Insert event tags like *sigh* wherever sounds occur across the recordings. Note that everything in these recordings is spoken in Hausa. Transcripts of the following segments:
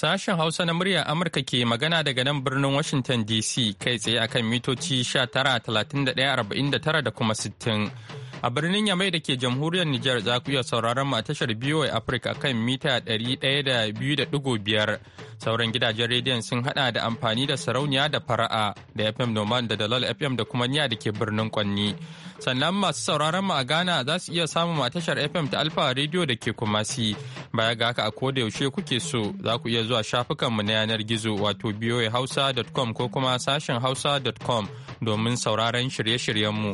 Sashen Hausa na muryar Amurka ke magana daga nan birnin Washington DC kai tsaye akan mitoci 19,31,49 da kuma 60. A birnin Yamai da ke jamhuriyar Nijar za ku iya sauraron mu a tashar BOA Africa kan mita 102.5. Sauran gidajen rediyon sun hada da amfani da sarauniya da fara'a da FM Noman da Dalal FM da kuma niya da ke birnin Kwanni. sannan masu sauraron mu a Ghana za su iya samun a tashar FM ta Alfa Radio da ke Kumasi. Baya ga haka a koda yaushe kuke so za ku iya zuwa shafukan mu na yanar gizo wato boahausa.com ko kuma sashen hausa.com domin sauraron shirye-shiryen mu.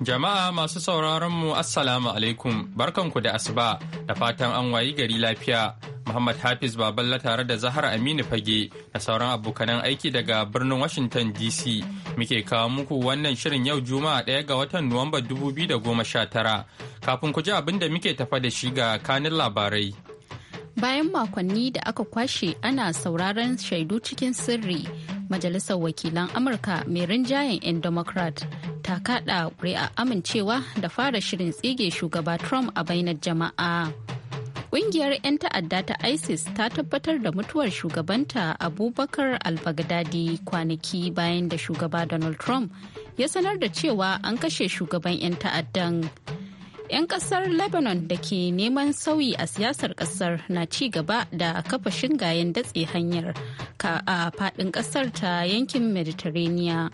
Jama'a masu sauraron mu Assalamu alaikum barkanku da asuba da fatan an wayi gari lafiya. Muhammad Hafiz Baballa tare da Zahra Aminu Fage da sauran abokanan aiki daga birnin Washington DC muke kawo muku wannan shirin yau Juma'a ɗaya ga watan Nuwamba 2019. Kafin ku ji abin da muke tafa da shi ga kanin labarai. Bayan makonni da aka kwashe ana sauraron shaidu cikin sirri, Majalisar Wakilan Amurka mai rinjayen 'yan Democrat ta kaɗa ƙuri'a amincewa da fara shirin tsige shugaba Trump a bainar jama'a. Ƙungiyar 'yan ta'adda ta ISIS ta tabbatar da mutuwar shugabanta Abubakar al-Baghdadi kwanaki bayan da shugaba Donald Trump ya sanar da cewa an kashe shugaban 'yan ta'addan. 'Yan kasar Lebanon da ke neman sauyi a siyasar kasar na ci gaba da kafa shingayen datse hanyar a faɗin kasar ta yankin Mediterranean.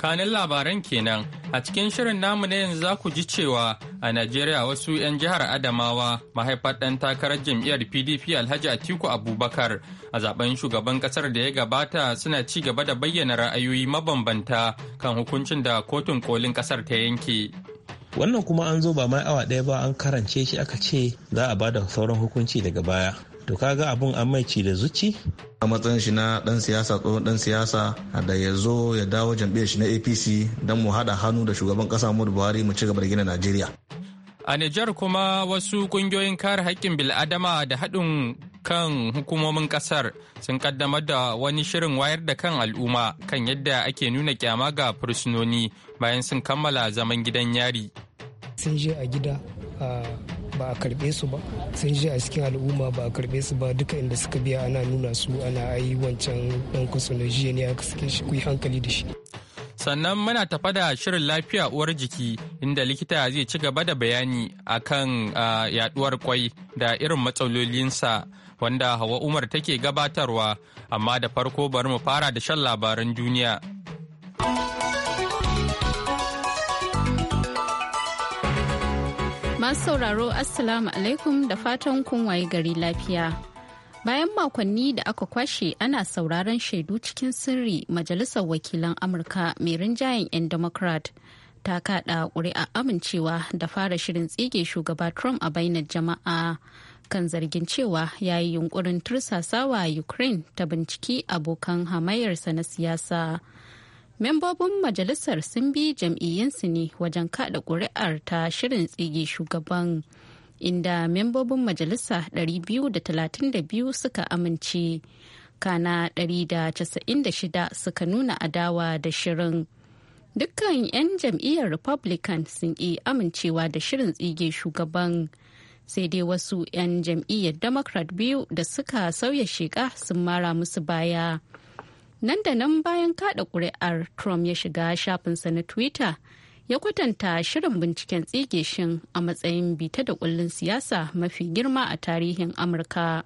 kanin labaran kenan a cikin shirin namu na yanzu za ku ji cewa a najeriya wasu 'yan jihar adamawa mahaifar ɗan takarar jam'iyyar pdp alhaji atiku abubakar a zaben shugaban ƙasar da ya gabata suna ci gaba da bayyana ra'ayoyi mabambanta kan hukuncin da kotun kolin ƙasar ta yanke wannan kuma an zo ba mai awa ɗaya ba an karance shi aka ce za a ba da sauran hukunci daga baya to kaga abun an mai ci da zuci a matsayin shi na dan siyasa tsohon dan siyasa da ya zo ya dawo jam'iyyar shi na apc don mu haɗa hannu da shugaban ƙasa muhammadu buhari mu ci gaba da gina najeriya a nijar kuma wasu ƙungiyoyin kare haƙƙin bil'adama da haɗin kan hukumomin ƙasar sun kaddamar da wani shirin wayar da kan al'umma kan yadda ake nuna kyama ga fursunoni bayan sun kammala zaman gidan yari sun je a gida ba a karbe su ba sun ji a cikin al'umma ba a karbe su ba duka inda suka biya ana nuna su ana ayi wancan dan kwasolojiya ne aka suke shi kuyi hankali da shi sannan muna tafa da shirin lafiya uwar jiki inda likita zai ci gaba da bayani akan yaduwar kwai da irin matsalolinsa wanda hawa umar take gabatarwa amma da farko bari mu fara da shan labaran duniya. Masu sauraro Assalamu alaikum da fatan kun waye gari lafiya. Bayan makonni da aka kwashe ana sauraron shaidu cikin sirri Majalisar Wakilan Amurka mai rinjayen 'yan Democrat ta kaɗa ƙuri'a amincewa da fara shirin tsige shugaba Trump a bainar jama'a. kan zargin cewa ya yi yunkurin tursasawa ukraine ta binciki abokan hamayarsa na siyasa Membobin majalisar sun bi jam'iyyinsu ne wajen kada ƙuri'ar ta shirin tsige shugaban inda membobin majalisa 232 suka amince kana 196 suka nuna adawa da shirin. Dukkan 'yan jam'iyyar Republican sun yi amincewa da shirin tsige shugaban. sai dai wasu 'yan jam'iyyar democrat biyu da suka sauya sheka sun mara musu baya nan da nan bayan kada kuri'ar trump ya shiga shafinsa na twitter ya kwatanta shirin binciken tsige shin a matsayin bita da kullun siyasa mafi girma a tarihin amurka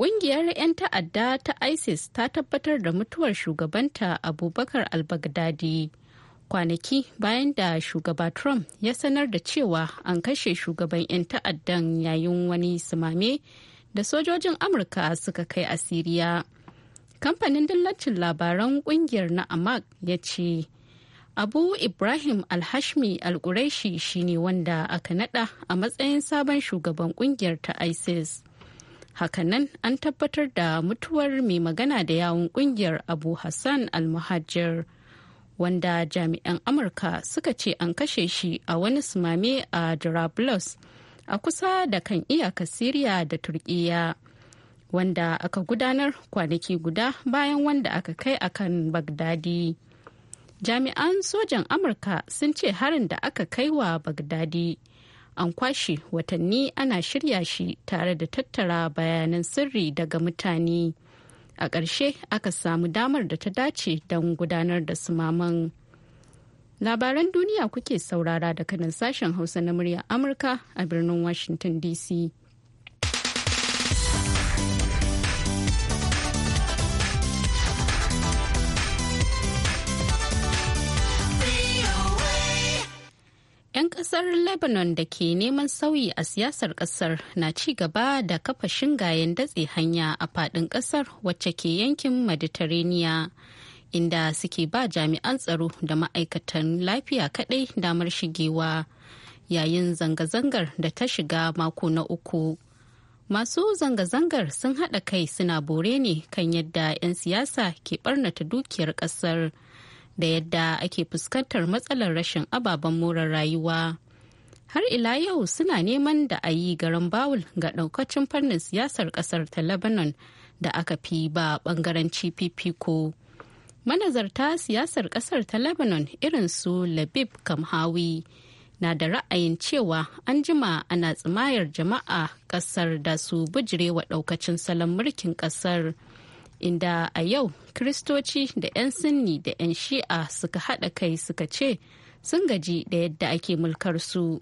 Ƙungiyar 'yan ta'adda ta isis ta tabbatar da mutuwar shugabanta abubakar al kwanaki bayan da shugaba trump ya sanar da cewa an kashe shugaban 'yan ta'addan yayin wani simame da sojojin amurka suka kai a kamfanin dillacin labaran kungiyar na amak ya ce abu ibrahim alhashmi alkureshi shine wanda aka nada a matsayin sabon shugaban kungiyar ta isis hakanan an tabbatar da mutuwar mai magana da yawun kungiyar abu hassan almuhajir wanda jami'an amurka suka ce an kashe shi a wani sumame a jarablus a kusa da kan iyaka siriya da turkiya wanda aka gudanar kwanaki guda bayan wanda aka kai a kan bagdadi jami'an sojan amurka sun ce harin da aka kai wa bagdadi an kwashe watanni ana shirya shi tare da tattara bayanan sirri daga mutane a ƙarshe aka samu damar da ta dace don gudanar da sumaman labaran duniya kuke saurara da nan sashen hausa na murya amurka a birnin washington dc 'Yan kasar Lebanon da ke neman sauyi a siyasar kasar na ci gaba da kafa shingayen datse hanya a fadin kasar wacce ke yankin Mediterranean. inda suke ba jami'an tsaro da ma'aikatan lafiya kaɗai damar shigewa yayin zanga-zangar da ta shiga mako na uku. Masu zanga-zangar sun haɗa kai suna bore ne kan yadda 'yan siyasa ke ɓarnata dukiyar ƙasar. da yadda ake fuskantar matsalar rashin ababen more rayuwa. Har ila yau suna neman da a yi garan bawul ga daukacin fannin siyasar kasar ta Lebanon da aka fi ba cpp ko Manazarta siyasar kasar ta Lebanon irin su Labib Kamhawi na da ra'ayin cewa an jima ana tsimayar jama'a kasar da su bijirewa daukacin salon mulkin kasar. inda a yau kristoci da 'yan sunni da 'yan shi'a suka haɗa kai suka ce sun gaji da yadda ake mulkar su.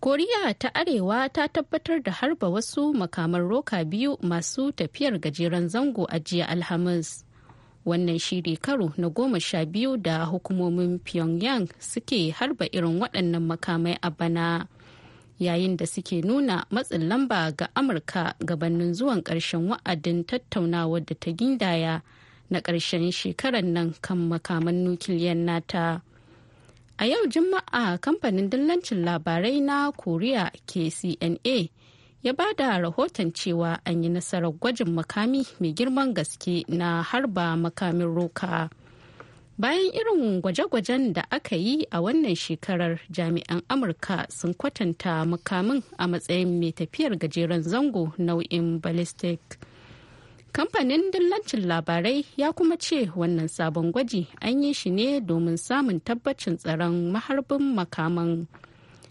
koriya ta arewa ta tabbatar da harba wasu makaman roka biyu masu tafiyar gajeren zango a jiya alhamis wannan shiri karo na goma sha biyu da hukumomin pyongyang suke harba irin waɗannan makamai a bana. yayin da suke nuna matsin lamba ga amurka gabanin zuwan ƙarshen wa'adin tattaunawar da ta gindaya na ƙarshen shekarar nan kan makaman nukiliyan nata a yau juma'a kamfanin dillancin labarai na koriya kcna ya ba da rahoton cewa an yi nasarar gwajin makami mai girman gaske na harba makamin roka Bayan irin gwaje-gwajen da aka yi a wannan shekarar jami'an Amurka sun kwatanta makamin a matsayin mai tafiyar gajeren zango nau'in ballistic. Kamfanin dillancin labarai ya kuma ce wannan sabon gwaji an yi shi ne domin samun tabbacin tsaron maharbin makaman.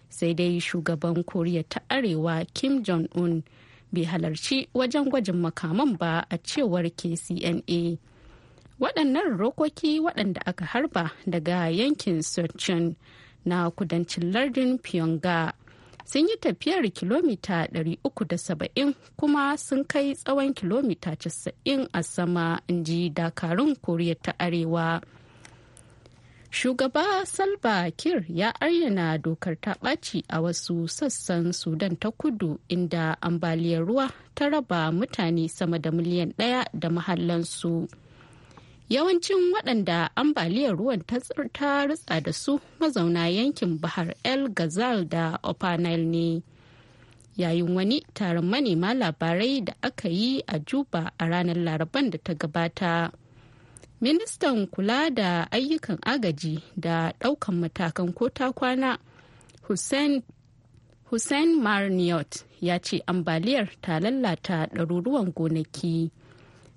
Sai dai shugaban Koriya ta Arewa Kim Jong-un bai halarci wajen gwajin makaman ba a cewar KCNA. waɗannan rokoki waɗanda aka harba daga yankin sochun na kudancin lardin pyonga sun yi tafiyar kilomita 370 kuma sun kai tsawon kilomita 90 a sama inji dakarun koriya ta arewa shugaba salva kir ya ayyana dokar ta ɓaci a wasu sassan sudan ta kudu inda ambaliyar ruwa ta raba mutane sama da miliyan ɗaya da mahallansu. su yawancin waɗanda ambaliyar ruwan ta ritsa da su mazauna yankin bahar el gazal da opanel ne yayin wani taron manema labarai da aka yi a juba a ranar laraban da ta gabata ministan kula da ayyukan agaji da ɗaukan matakan ko ta kwana hussein hussein marniot ya ce ambaliyar ta lalata ɗaruruwan gonaki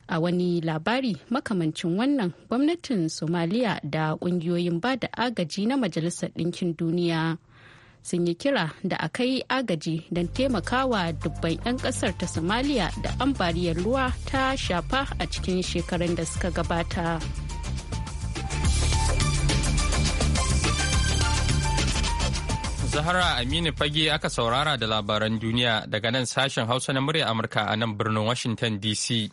a wani labari makamancin wannan gwamnatin somaliya da kungiyoyin ba da agaji na majalisar ɗinkin duniya sun yi kira da a kai agaji don taimakawa dubban 'yan kasar ta somaliya da ambaliyar ruwa ta shafa a cikin shekarun da suka gabata zahara aminu fage aka saurara da labaran duniya daga nan sashen hausa na murya amurka a nan birnin washington dc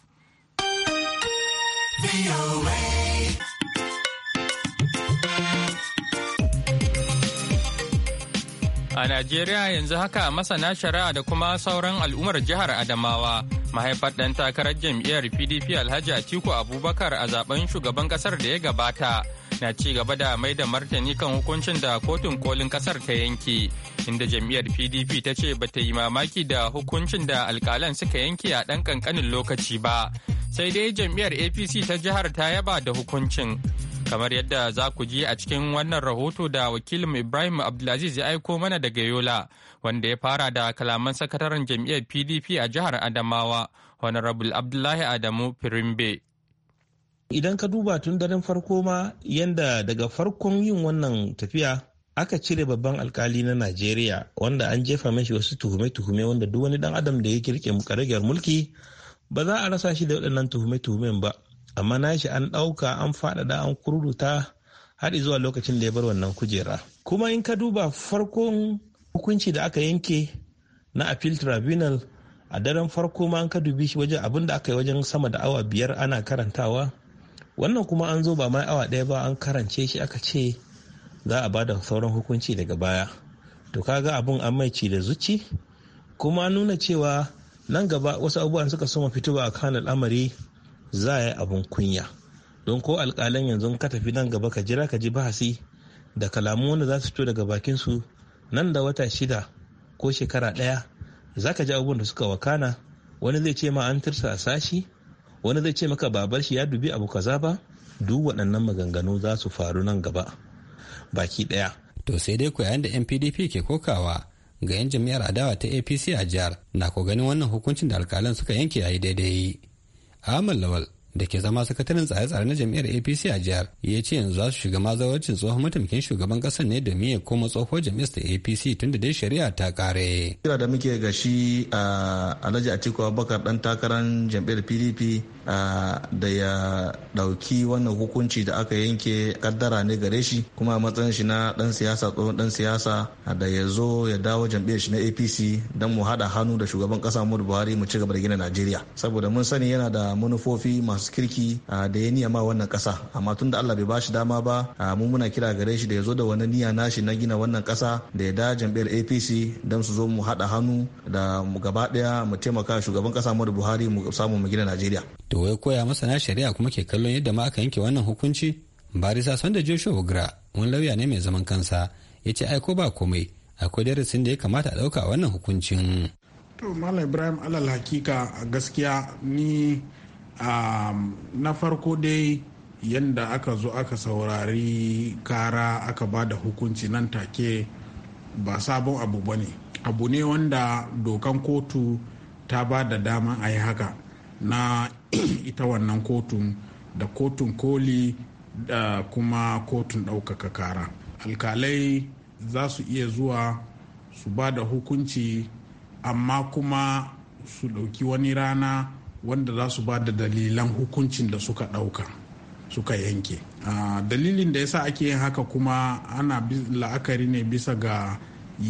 A Najeriya yanzu haka masana shari'a da kuma sauran al'ummar jihar Adamawa mahaifar ɗan takarar jam'iyyar PDP Alhaji Atiku Abubakar a zaben shugaban ƙasar da ya gabata na ci gaba da mai da martani kan hukuncin da kotun kolin ƙasar ta yanke inda jam'iyyar PDP ta ce bata yi mamaki da hukuncin da alƙalan suka yanke a ɗan ƙanƙanin lokaci ba. sai dai jam'iyyar apc ta jihar ta yaba da hukuncin kamar yadda za ku ji a cikin wannan rahoto da wakilin ibrahim abdulaziz ya aiko mana daga yola wanda ya fara da kalaman sakataren jam'iyyar pdp a jihar adamawa honorable abdullahi adamu firimbe idan ka duba tun daren farko ma yadda daga farkon yin wannan tafiya aka cire babban alkali na najeriya wanda an jefa mashi wasu tuhume-tuhume wanda duk wani dan adam da ya kirke mukarragiyar mulki ba za a rasa shi da waɗannan tuhume-tuhumen ba amma na shi an ɗauka an faɗaɗa an kururuta har zuwa lokacin da ya bar wannan kujera kuma in ka duba farkon hukunci da aka yanke na appeal tribunal a daren farko ma an ka dubi shi wajen abin da aka yi wajen sama da awa biyar ana karantawa wannan kuma an zo ba mai awa ɗaya ba an karance shi aka ce za a ba da sauran hukunci daga baya to kaga abin an mai ci da zuci kuma nuna cewa nan gaba wasu abubuwan suka soma fitowa a kan al'amari za a yi abin kunya don ko alƙalan yanzu ka tafi nan gaba ka jira ka ji bahasi da kalamu wanda za su fito daga bakin su nan da wata shida ko shekara ɗaya za ka ji abubuwan da suka wakana wani zai ce ma an tirsa a sashi wani zai ce maka babar shi ya dubi abu kaza ba duk waɗannan maganganu za su faru nan gaba baki ɗaya to sai dai ku yayin da NPDP ke kokawa ga 'yan jam'iyyar adawa ta apc a jihar na ko ganin wannan hukuncin da alkalan suka yanke yi daidai ahmad lawal da ke zama sakataren tsare-tsare na jam'iyyar apc a jihar ya ce yanzu za su shiga mazawarcin tsohon mataimakin shugaban kasar ne domin ya koma tsoho jam'iyyar ta apc tun da dai shari'a ta kare kira da muke ga shi a alhaji atiku abubakar dan takarar jam'iyyar pdp da ya dauki wannan hukunci da aka yanke kaddara ne gare shi kuma a matsayin shi na dan siyasa tsohon dan siyasa da ya zo ya dawo jam'iyyar shi na apc don mu haɗa hannu da shugaban kasa muhammadu buhari mu ci gaba da gina najeriya saboda mun sani yana da manufofi masu masu kirki da ya ma wannan kasa amma tun da Allah bai bashi dama ba mu muna kira gare shi da ya zo da wani niyya nashi na gina wannan kasa da ya da jam'iyyar APC don su zo mu haɗa hannu da mu gaba ɗaya mu taimaka shugaban kasa Muhammadu Buhari mu samu mu gina Najeriya. To wai koya masana shari'a kuma ke kallon yadda ma aka yanke wannan hukunci? Barisa Sanda Joshua Ogra wani lauya ne mai zaman kansa ya ce aiko ba komai akwai darasin da ya kamata a ɗauka wannan hukuncin. To Malam Ibrahim alal hakika gaskiya ni Um, na farko dai yadda aka zo aka saurari kara aka ba da hukunci nan take ba sabon abu ba ne abu ne wanda dokan kotu ta ba da dama a yi haka na *clears throat* ita wannan kotun da kotun koli da kuma kotun ɗaukaka kara alkalai za su iya zuwa su ba da hukunci amma kuma su ɗauki wani rana wanda za su ba da dalilan hukuncin da suka ɗauka suka yanke dalilin da yasa ake yin haka kuma ana la'akari ne bisa ga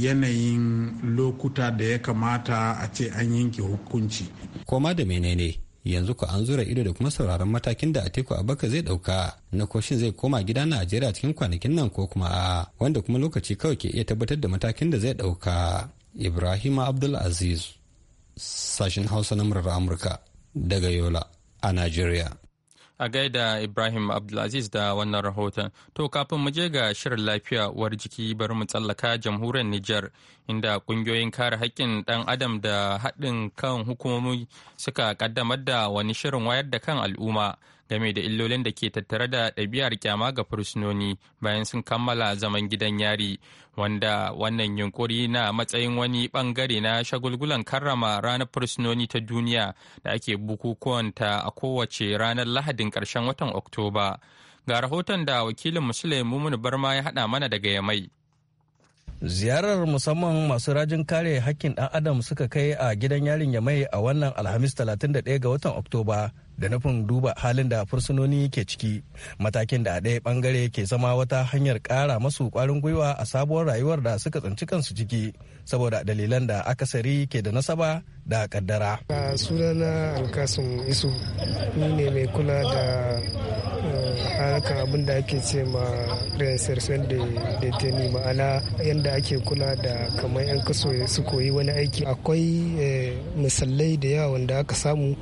yanayin lokuta da ya kamata a ce an yanke hukunci koma da menene yanzu ko an zura ido da kuma sauraron matakin da ateku abaka zai dauka na koshin zai koma gida Najeriya cikin kwanakin nan ko kuma a wanda kuma lokaci kawai ke iya tabbatar da matakin da zai dauka Ibrahim Abdul Aziz sashen Hausa na murar Amurka daga Yola a Najeriya. A gaida Ibrahim Abdulaziz da wannan rahoton. To kafin mu je ga shirin lafiya uwar jiki bari mu tsallaka jamhuriyar Nijar inda kungiyoyin kare haƙƙin ɗan adam da haɗin kan hukumomi suka ƙaddamar da wani shirin wayar da kan al'umma game da illolin da ke tattare da ɗabi'ar kyama ga fursunoni bayan sun kammala zaman gidan yari wanda wannan yunkuri na matsayin wani bangare na shagulgulan karrama ranar fursunoni ta duniya da ake bukukuwanta a kowace ranar lahadin ƙarshen watan oktoba ga rahoton da wakilin musulun mumun barma ya haɗa mana daga yamai ziyarar musamman masu rajin kare hakkin ɗan adam suka kai a gidan yarin yamai a wannan alhamis 31 ga watan oktoba da nufin duba halin da fursunoni ke ciki matakin da a ɗaya bangare ke zama wata hanyar kara masu kwarin gwiwa a sabuwar rayuwar da suka tsinci kansu ciki saboda dalilan da akasari ke da nasaba da kaddara sunana alkasun isu ni ne mai kula da haka abin da ake ce ma reinsertion da deteni ma'ana yadda ake kula da kamar 'yan kaso su koyi wani aiki akwai eh, misalai da yawa wanda aka samu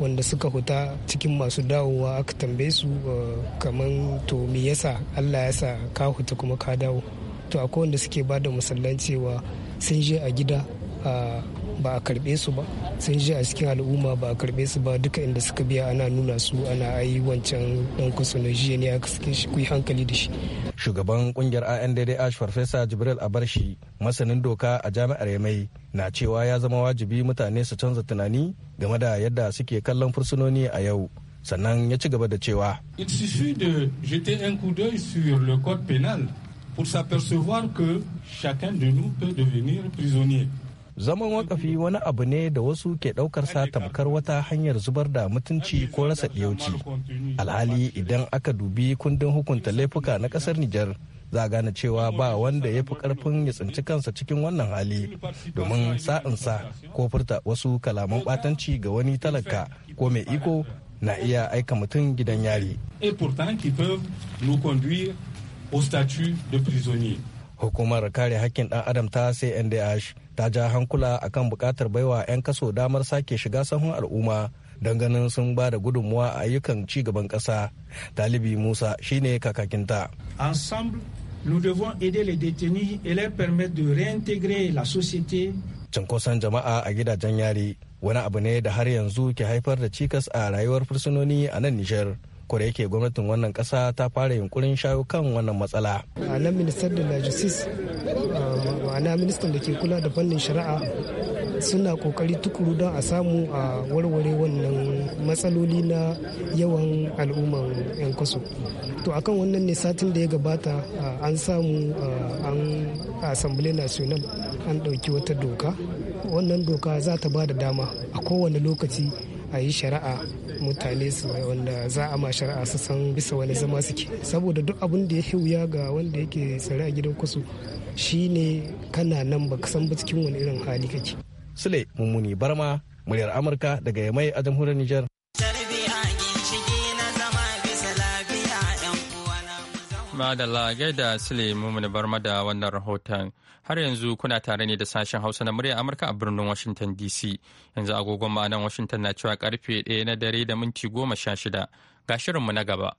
wanda suka huta cikin masu dawowa aka tambaye su eh, kamar to me yasa allah ya sa ka huta kuma ka dawo to akwai wanda suke ba da masallancewa cewa sun je a gida ah, ba a karbe su ba sun ji a cikin al'umma ba a karbe su ba duka inda suka biya ana nuna su ana ayi wancan dan jiya ne aka suke shi kuyi hankali da shi shugaban kungiyar andd ash farfesa jibril abarshi masanin doka a jami'ar yamai na cewa ya zama wajibi mutane su canza tunani game da yadda suke kallon fursunoni a yau sannan ya ci gaba da cewa il suffit de jeter un coup d'œil sur le code pénal pour s'apercevoir que chacun de nous peut devenir prisonnier zaman wakafi wani abu ne da wasu ke daukar sa tamkar wata hanyar zubar da mutunci ko rasa ɗiyauci alhali idan aka dubi kundin hukunta laifuka na ƙasar nijar za a gane cewa ba wanda ya fi karfin ya tsinci kansa cikin wannan hali domin sa'insa ko furta wasu kalaman batanci ga wani talaka ko mai iko na iya aika mutum gidan yari hukumar kare haƙƙin ɗan adam ta cndh ta ja hankula kan bukatar baiwa 'yan kaso damar sake shiga sahun al'umma don ganin sun ba da gudunmuwa a ayyukan ci gaban ƙasa. Talibi Musa shine kakakinta. Ensemble, nous devons aider les détenus et leur de réintégrer la société. Cinkoson jama'a a gidajen yari wani abu ne da har yanzu ke haifar da cikas a rayuwar fursunoni a nan Nijar. ko yake gwamnatin wannan kasa ta fara yunkurin shayo kan wannan matsala. a nan ministar da la justice ma'ana ministan da ke kula da fannin shari'a suna kokari tukuru don a samu a warware wannan matsaloli na yawan al'umman 'yan kwaso to akan wannan ne satin da ya gabata an samu an asambile national an ɗauki wata doka wannan doka za ta ba da dama a kowane lokaci a yi shari'a mutane su wanda za a ma shari'a su san bisa wani zama suke saboda duk abin da ya wuya ga wanda yake tsare a gidan kusu shine kana nan ba san ba cikin wani irin hali kake sule mummuni barma muryar amurka daga yamai a jamhuriyar niger Madalla gaida Sule Mumuni Barma da wannan rahoton. har yanzu kuna tare ne da sashen hausa na murya amurka a birnin washington dc yanzu agogon ma'anan washington na cewa karfe 1 na dare da minti goma sha shida ga shirinmu na gaba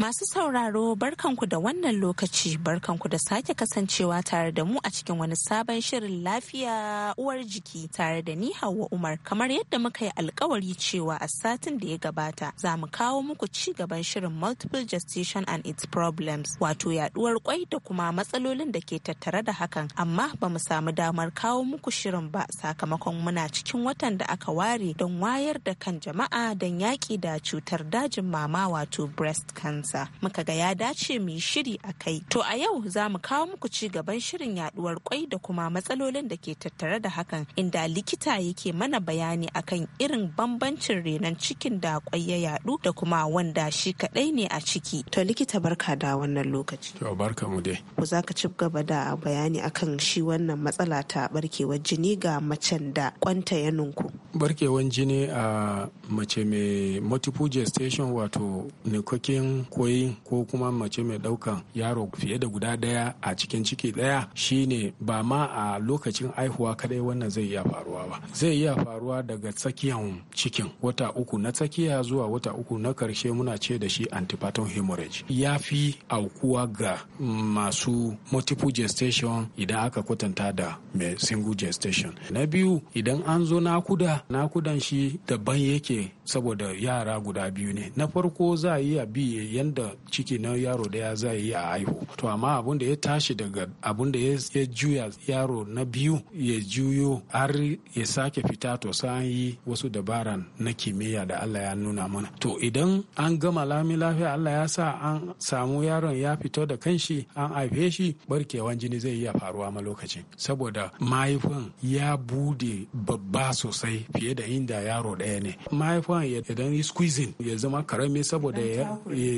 Masu sauraro barkanku da wannan lokaci barkanku da sake kasancewa tare da mu a cikin wani sabon shirin lafiya uwar jiki tare da ni Hauwa Umar. Kamar yadda muka yi alkawari cewa a satin da ya gabata za mu kawo muku ci gaban shirin multiple gestation and its problems wato yaduwar kwai da kuma matsalolin da ke tattare da hakan amma ba mu samu damar kawo muku shirin ba sakamakon muna cikin watan da aka ware don wayar da kan jama'a don yaƙi da cutar dajin mama wato breast cancer. kansa muka ga ya dace mu yi shiri a kai to a yau za mu kawo muku ci gaban shirin yaduwar kwai da kuma matsalolin da ke tattare da hakan inda likita yake mana bayani akan irin bambancin renon cikin da kwai ya yadu da kuma wanda shi kadai ne a ciki to likita barka da wannan lokaci to barka mu dai ku za ka ci gaba da bayani akan shi wannan matsala ta barkewar jini ga macen da kwanta ya nunku barkewar jini a mace mai multiple gestation wato nikokin koyi ko kuma mace mai ɗaukan yaro fiye da guda ɗaya a cikin ciki ɗaya shine ba ma a lokacin aihuwa kadai wannan zai iya faruwa ba zai iya faruwa daga tsakiyan cikin wata uku na tsakiya zuwa wata uku na karshe muna ce da shi antipaton hemorrhage ya fi aukuwa ga masu multiple gestation idan aka kwatanta da mai single gestation na biyu idan an zo nakuda nakudan shi daban yake saboda yara guda biyu ne na farko za a yi a bi yadda ciki na yaro daya za a yi a haihu to amma abun da ya tashi daga abun da ya juya yaro na biyu ya juyo har ya sake fita to sai yi wasu dabaran na kimiyya da Allah ya nuna mana to idan an gama lami lafiya Allah ya sa an samu yaron ya fito da kanshi an haife shi barkewan jini zai iya faruwa ma lokacin saboda mahaifin ya bude babba sosai fiye da inda yaro ɗaya ne mahaifin ruwan ya dan squeezing ya zama karami saboda ya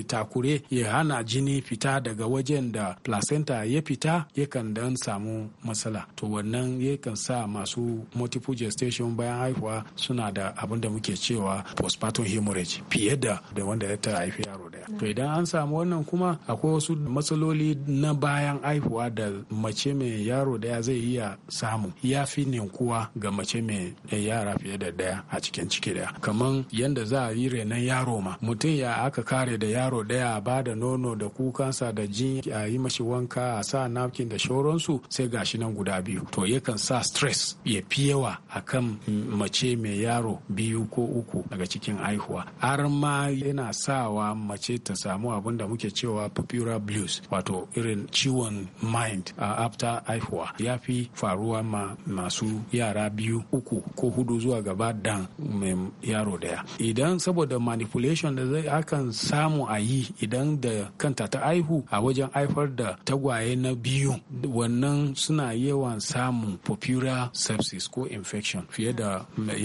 takure ya hana jini fita daga wajen da placenta ya fita yakan dan samu matsala to wannan yakan sa masu multiple gestation bayan haihuwa suna da abin da muke cewa postpartum hemorrhage fiye da wanda ya ta haifi yaro daya to idan an samu wannan kuma akwai wasu matsaloli na bayan haihuwa da mace mai yaro daya zai iya samu ya fi ninkuwa ga mace mai yara fiye da daya a cikin ciki daya kamar yanda za a yi renon yaro ma mutum ya aka kare da yaro daya a ba da nono da kukansa da jin a yi mashi wanka a sa napkin da shauransu sai gashi nan guda biyu to yakan sa stress ya fi yawa akan mace mai yaro biyu ko uku daga cikin aihuwa har ma yana sawa mace ta samu abin da muke cewa popular blues wato irin ciwon mind a after aihuwa ya fi faruwa ma masu yara biyu uku ko hudu zuwa gaba dan mai yaro da daya idan saboda manipulation da zai akan samu a yi idan da kanta ta aihu a wajen haifar da tagwaye na biyu wannan suna yawan samun popular sepsis ko infection fiye da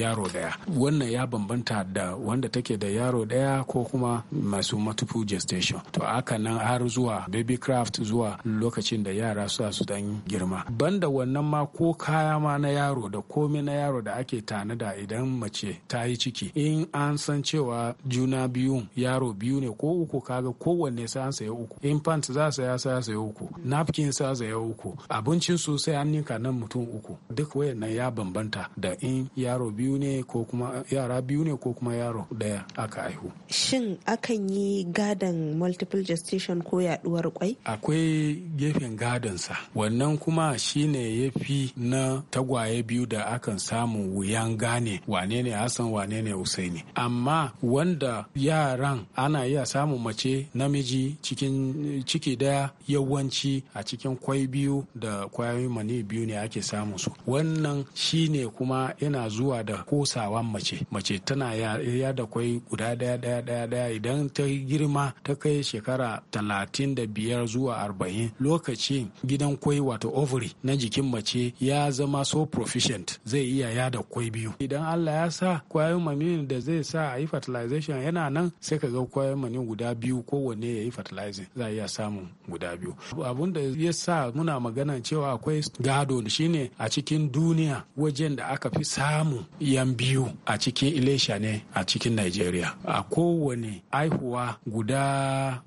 yaro daya wannan ya bambanta da wanda take da yaro daya ko kuma masu multiple gestation to aka nan har zuwa baby craft zuwa lokacin da yara su su dan girma banda wannan ma ko kaya ma na yaro da komai na yaro da ake tanada idan mace ta yi ciki in in an san cewa juna biyu yaro biyu ne ko uku kaga kowanne sai an saya uku infant za saya saya saya uku napkin sa saya uku abincin su sai an ninka nan mutum uku duk wayannan ya bambanta da in yaro biyu ne ko kuma yara biyu ne ko kuma yaro daya aka haihu shin akan yi gadon multiple gestation ko yaduwar kwai akwai gefen sa wannan kuma shine yafi na tagwaye biyu da akan samu wuyan gane wane ne hassan wane ne usai ne amma wanda yaran ana iya samun mace namiji cikin ciki daya yawanci a cikin kwai biyu da kwayoyin mani biyu ne ake samu su wannan shine kuma yana zuwa da kosawan mace mace tana ya da kwai guda daya daya daya daya idan ta girma ta kai shekara talatin da biyar zuwa arba'in lokacin gidan kwai wato ovary na jikin mace ya zama so proficient zai iya ya da kwai biyu idan allah ya sa kwayoyin mani da da zai sa a yi fertilization yana nan sai ka ga mani guda biyu kowanne ya yi fertilizing za a iya samun guda biyu abun da ya sa muna magana cewa akwai gado shine a cikin duniya wajen da aka fi samun yan biyu a cikin ilesha ne a cikin nigeria a kowane aihuwa guda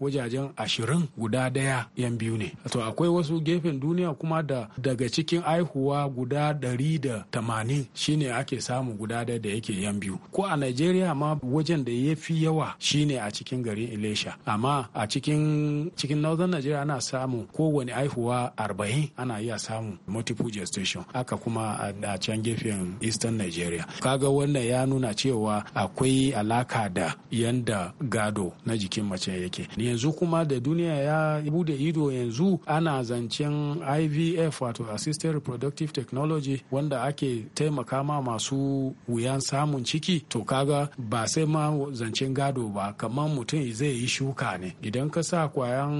wajajen ashirin guda daya yan biyu ne to akwai wasu gefen duniya kuma da daga cikin aihuwa guda ɗari da tamanin shine ake samu guda daya da yake yan biyu ko a nigeria najeriya ma wajen da ya fi yawa shine a cikin garin ilesha amma a cikin cikin northern najeriya ana samu kowane aihuwa arba'in ana iya samun multiple gestation haka kuma a can gefen eastern najeriya kaga wannan ya nuna cewa akwai alaka da yanda gado na jikin mace yake yanzu kuma da duniya ya bude ido yanzu ana zancen ivf wato assisted reproductive technology wanda ake taimaka ma masu wuyan samun ciki to kaga ga ba sai ma zancen gado ba kamar mutum zai yi shuka ne idan ka sa kwayan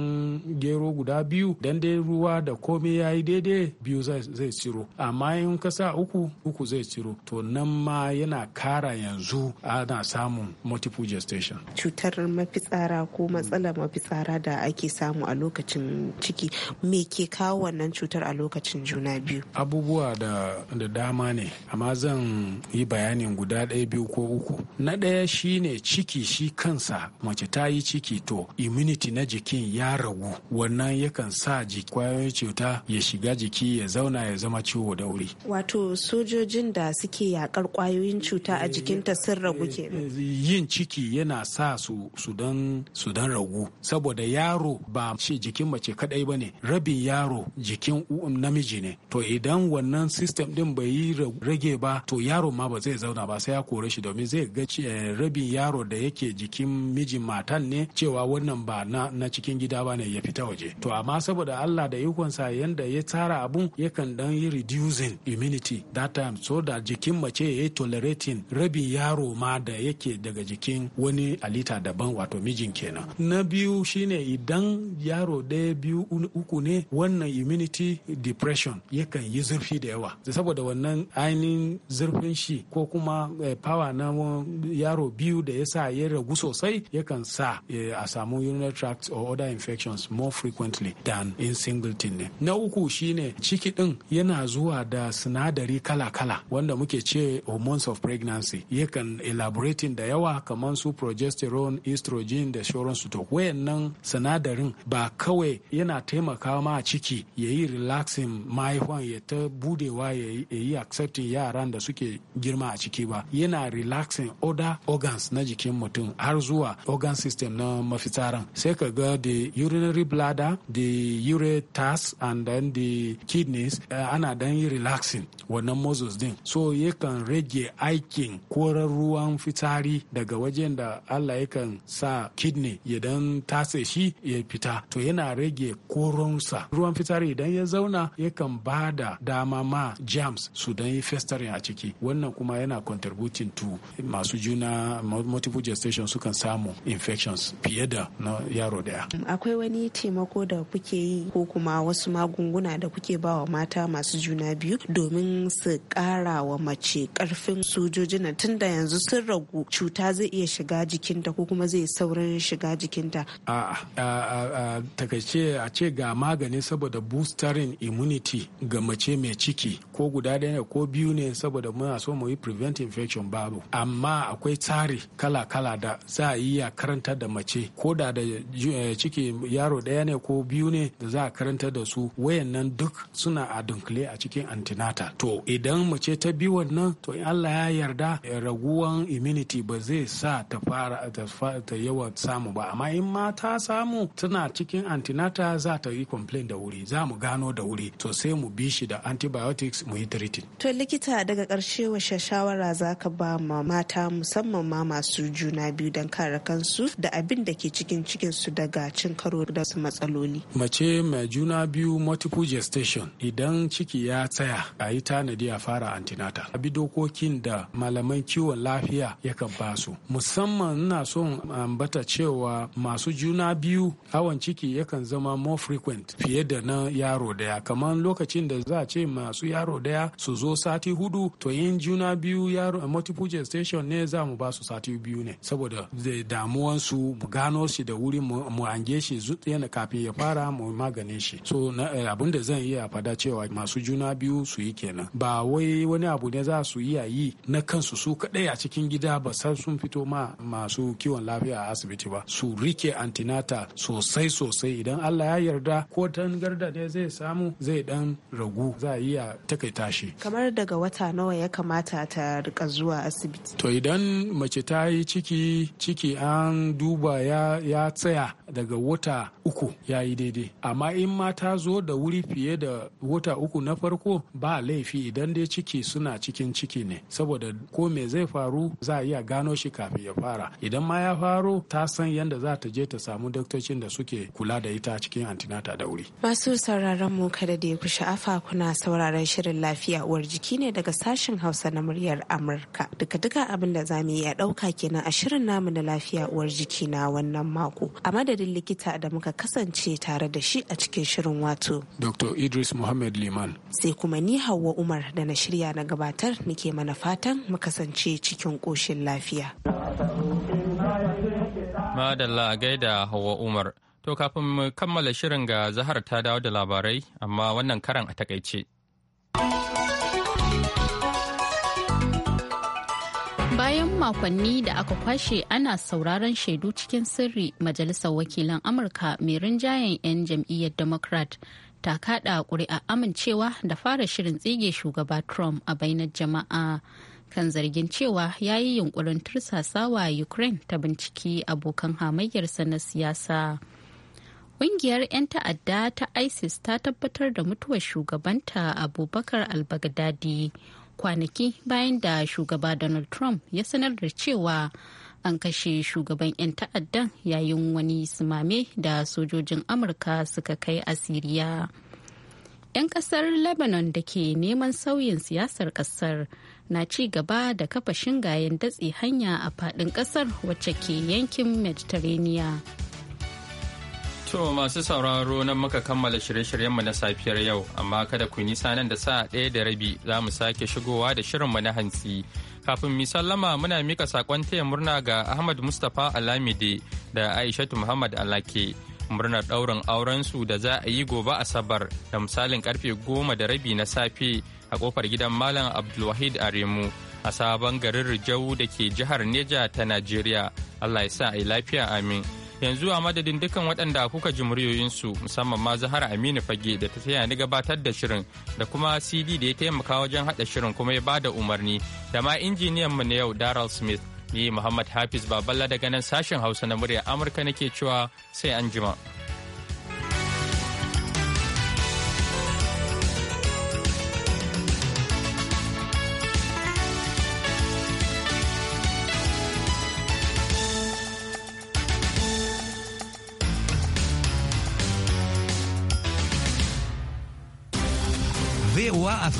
gero guda biyu dan dai ruwa da komai ya yi daidai biyu zai ciro amma in ka sa uku uku zai ciro to nan ma yana kara yanzu ana samun multiple gestation cutar mafitsara ko matsalar mafitsara da ake samu a lokacin ciki me ke kawo wannan cutar a lokacin juna biyu abubuwa da dama ne amma zan yi bayanin guda ɗaya biyu ko uku na ɗaya shine ciki shi kansa mace ta yi ciki to immunity na jikin ya ragu wannan yakan sa kwayoyin cuta ya shiga jiki ya zauna ya zama ciwo da wuri wato sojojin da suke yakar kwayoyin cuta a eh, jikinta sun ragu eh, ke eh, yin ciki yana sa su su don ragu saboda yaro ba ce jikin mace kadai ne rabin yaro jikin namiji ne to idan wannan system din bai yi rage ba to yaro ma ba zai zauna ba sai ya kore shi domin zai ga eh, rabin yaro da yake jikin mijin matan ne cewa wannan ba na, cikin gida ba ne ya fita waje to amma saboda Allah da ikonsa yanda ya tsara abun yakan dan yi reducing immunity that time so da jikin mace ya yi tolerating rabin yaro ma da yake daga jikin wani alita daban wato mijin kenan na biyu shine idan yaro ɗaya biyu uku ne wannan immunity depression yakan yi zurfi da yawa saboda wannan ainihin zurfin shi ko kuma eh, power na yaro biyu da ya sa ya ragu sosai yakan sa eh, a samu urinary tract or other infections more frequently than in singleton ne na uku shine ciki din yana zuwa da sinadari kala-kala wanda muke ce hormones of pregnancy yakan elaborating da yawa kamar su progesterone estrogen da su to wayannan sinadarin ba kawai yana taimakawa ma ciki ya yi relaxing mahaihuwan ya ta budewa ya yi accepting yaran da suke girma a ciki ba yana relaxing affecting oda organs na jikin mutum har zuwa organ system na mafitsaran sai ka ga the urinary bladder the ureters and then the kidneys uh, ana dan yi relaxing wannan muscles din so yakan rage aikin korar ruwan fitari daga wajen da Allah yakan sa kidney ya dan tase shi ya fita to yana rage koronsa ruwan fitari idan ya zauna yakan ba da dama ma germs su dan yi festering a ciki wannan kuma yana contributing to masu juna multiple gestation sukan samu infections fiye da na yaro daya akwai wani taimako da kuke yi ko kuma wasu magunguna da kuke ba wa mata masu juna biyu domin su kara wa mace karfin sojojina tun da yanzu sun ragu cuta zai iya shiga jikinta ko kuma zai saurin shiga jikinta a takaice a ce ga magani saboda boostering immunity ga mace mai ciki ko guda ɗaya ko biyu ne saboda muna so mu yi prevent infection babu amma amma akwai tsari kala-kala da za a yi karanta da mace ko da da eh, ciki yaro ɗaya ne ko biyu ne da za a karanta da su wayannan duk suna a dunkule a cikin antinata to idan mace ta bi wannan to in Allah ya yarda eh, raguwan immunity ba zai sa ta fara ta yawa samu ba amma in ma ta samu tana cikin antinata za ta yi complain da wuri za mu gano da wuri to sai mu bi shi da antibiotics mu yi treating to likita daga karshe wa shawara za ka ba ma mata mata musamman ma masu juna biyu don kare kansu da abin da ke cikin cikin su daga cin karo da su matsaloli. Mace mai juna biyu multiple gestation idan ciki ya tsaya a yi tanadi a fara antinata. Abi dokokin da malaman kiwon lafiya kan ba su. Musamman ina son ambata cewa masu juna biyu hawan ciki yakan zama more frequent fiye da na yaro daya. Kamar lokacin da za a ce masu yaro daya su zo sati hudu to yin juna biyu yaro multiple gestation miliyon ne za mu ba su sati biyu ne saboda da damuwansu mu gano shi da wuri mu hange shi yana kafin ya fara mu magane shi so eh, abin da zan iya fada cewa masu juna biyu su yi kenan ba wai wani abu ne za su iya yi na kansu su kadai a cikin gida ba san sun fito ma masu kiwon lafiya a asibiti ba su rike antinata sosai sosai idan allah ya yarda ko tan garda ne zai samu zai dan ragu za a iya takaita shi kamar daga wata nawa ya kamata ta rika zuwa asibiti to idan mace ta yi ciki ciki an duba ya, tsaya daga wata uku ya yi daidai amma in ma ta zo da wuri fiye da wata uku na farko ba laifi idan dai ciki suna cikin ciki ne saboda ko me zai faru za a iya gano shi kafin ya fara idan ma ya faro ta san yadda za ta je ta samu daktocin da suke kula da ita cikin antinata da wuri masu sauraron mu kada da ku sha'afa kuna sauraron shirin lafiya uwar jiki ne daga sashen hausa na muryar amurka duka duka abin da za mu yi a ɗauka kenan a shirin namu na lafiya uwar jiki na wannan mako a madadin likita da muka kasance tare da shi a cikin shirin wato dr idris muhammad liman sai kuma ni hawa umar da na shirya na gabatar nike mana fatan mu kasance cikin koshin lafiya madalla gaida hawa umar to kafin mu kammala shirin ga zahar ta dawo da labarai amma wannan karan a takaice makonni da aka kwashe ana sauraron shaidu cikin sirri majalisar wakilan amurka mai rinjayen 'yan jam'iyyar democrat ta kada kuri'a amincewa da fara shirin tsige shugaba trump a bainar jama'a kan zargin cewa ya yi yunkurin tursasawa ukraine ta binciki abokan hamayyarsa na siyasa ƙungiyar 'yan ta'adda ta isis ta tabbatar da mutuwar shugabanta abubakar al-baghdadi kwanaki bayan da shugaba donald trump ya sanar da cewa an kashe shugaban 'yan ta'addan yayin wani simame da sojojin amurka suka kai Asiriya. 'yan kasar lebanon da ke neman sauyin siyasar kasar na ci gaba da kafa shingayen datse hanya a fadin kasar wacce ke yankin mediterranean To masu sauraro nan muka kammala shirye-shiryenmu na safiyar yau, amma kada ku nisa nan da sa ɗaya da rabi za mu sake shigowa da shirinmu na hantsi. Kafin mi sallama muna mika saƙon taya murna ga Ahmad Mustapha Alamide da Aishatu Muhammad Alake. Murnar ɗaurin aurensu da za a yi gobe Asabar da misalin karfe goma da rabi na safe a kofar gidan Malam Abdulwahid Aremu a sabon garin Rijau da ke jihar Neja ta Najeriya. Allah ya sa a yi lafiya amin. yanzu a madadin dukkan waɗanda kuka ji muryoyinsu musamman ma zahara aminu fage da ta taya ni gabatar da shirin da kuma cd da ya taimaka wajen haɗa shirin kuma ya bada umarni da ma injiniyan mu na yau daryl smith ni muhammad hafiz baballa daga nan sashen hausa na murya amurka nake cewa sai an jima. Ah.